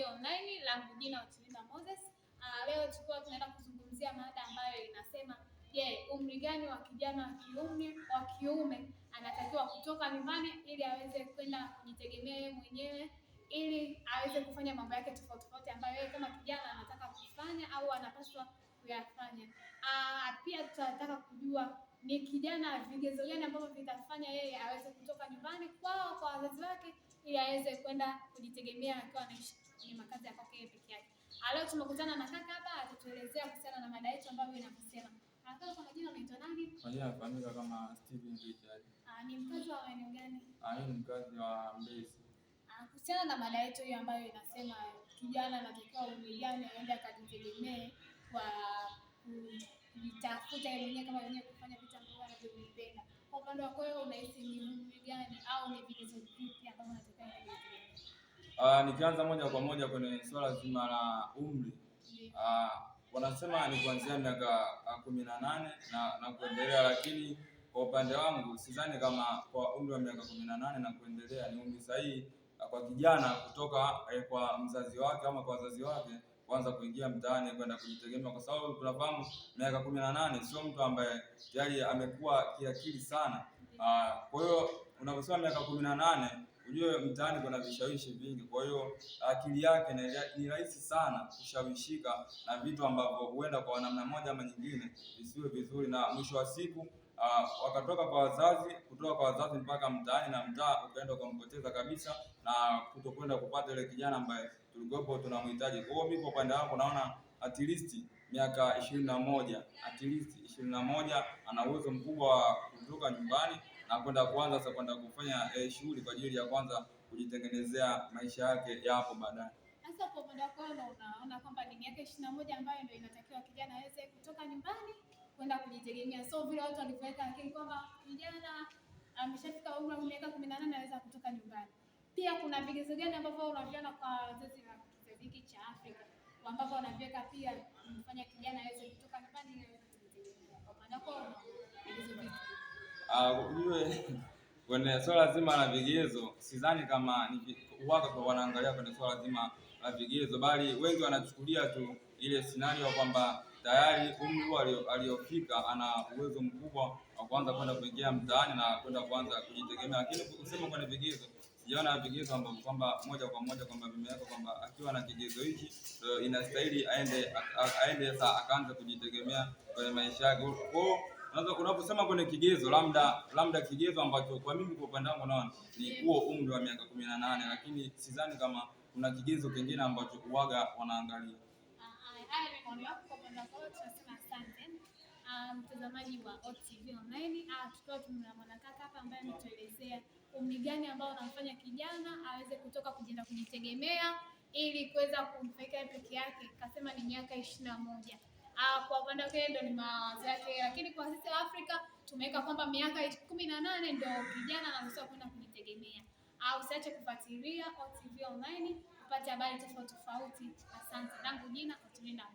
Pia Online langu jina Uchilinda Moses. Uh, leo tulikuwa tunaenda kuzungumzia mada ambayo inasema je, yeah, umri gani wa kijana wa kiume wa kiume anatakiwa kutoka nyumbani ili aweze kwenda kujitegemea yeye mwenyewe ili aweze kufanya mambo yake tofauti tofauti ambayo yeye kama kijana anataka kufanya au anapaswa kuyafanya. Uh, pia tutataka kujua ni kijana vigezo gani ambavyo vitafanya yeye aweze kutoka nyumbani kwao kwa wazazi wake ili aweze kwenda kujitegemea akiwa anaishi kwenye makazi ya kwake peke yake. Leo tumekutana na kaka hapa atatuelezea kuhusiana na mada yetu ambayo inakusema. Kaka, kwa majina unaitwa nani? Kwa jina nafahamika kama Steven Richard. Ah, ni mkazi wa eneo gani? Ah, ni mkazi wa Mbezi. Ah, kuhusiana na mada yetu hiyo ambayo inasema kijana anatakiwa umri gani aende akajitegemee kwa kujitafuta yeye mwenyewe kama mwenyewe kufanya vitu ambavyo anavyopenda upande wako wewe unahisi ni gani au ni vigezo vipi ambavyo unatakiwa ah, nikianza moja kwa moja kwenye swala zima la umri. uh, wanasema ni kuanzia miaka ah, kumi na nane na, na kuendelea, lakini kwa upande wangu sidhani kama kwa umri wa miaka kumi na nane na kuendelea ni umri sahihi kwa kijana kutoka eh, kwa mzazi wake ama kwa wazazi wake kuanza kuingia mtaani kwenda kujitegemea, kwa sababu tunafahamu miaka kumi na nane sio mtu ambaye tayari amekuwa kiakili sana. Ah, kwa hiyo unaposema miaka kumi na nane ujue mtaani kuna vishawishi vingi, kwa hiyo akili yake ni rahisi sana kushawishika na vitu ambavyo huenda kwa namna moja ama nyingine visiwe vizuri, na mwisho wa siku Uh, wakatoka kwa wazazi, kutoka kwa wazazi mpaka mtaani, na mtaa ukaenda ukampoteza kabisa na kutokwenda kupata ile kijana ambaye tulikuwepo tunamhitaji. Kwa hiyo mimi kwa upande wangu naona at least miaka ishirini na moja at least ishirini na moja ana uwezo mkubwa wa kutoka nyumbani na kwenda kuanza sasa kwenda kufanya eh, shughuli kwa ajili ya kwanza kujitengenezea maisha yake ya hapo baadaye. Sasa kwa upande wako unaona kwamba ni miaka ishirini na moja ambayo ndio inatakiwa kijana aweze kutoka nyumbani kwenda kujitegemea, so vile watu walivyoweka akili kwamba kijana ameshafika umri wa miaka kumi na nane anaweza kutoka nyumbani pia kuna vigezo gani ambavyo unaviona kwa wazazi wa kizazi hiki cha Afrika ambavyo wanaviweka pia kufanya kijana aweze kutoka nyumbani ili Kwa maana vigezo vipi? Ah, ujue kwenye swala zima la vigezo, sidhani kama waka kwa wanaangalia kwenye swala zima la vigezo, bali wengi wanachukulia tu ile scenario kwamba tayari umri huo aliyofika ana uwezo mkubwa wa kuanza kwenda kuingia mtaani na kwenda kuanza kujitegemea, lakini kusema kwenye vigezo jiona vigezo ambavyo kwamba moja kwa moja kwamba vimeweka kwamba akiwa na kigezo hiki eh, inastahili aende aende sasa akaanza kujitegemea kwenye maisha yake. Kwa unaposema kwenye kigezo labda labda kigezo ambacho kwa mimi kwa upande wangu naona ni huo umri wa miaka kumi na nane, lakini sidhani kama kuna kigezo kingine ambacho uwaga wanaangalia. Ah, ah, mtazamaji wa OTV Online, ah, tukiwa tuna mwanakaka hapa ambaye ametuelezea umri gani ambao unamfanya kijana aweze kutoka kujenda kujitegemea ili kuweza kumfaika peke yake, kasema ni miaka ishirini na moja. Ah, kwa upande wake ndo ni mawazo yake, lakini kwa sisi Afrika tumeweka kwamba miaka kumi na nane ndo kijana anaruhusiwa kwenda kujitegemea. Ah, usiache kufuatilia OTV online kupata habari tofauti tofauti. Asante, langu jina Katrina.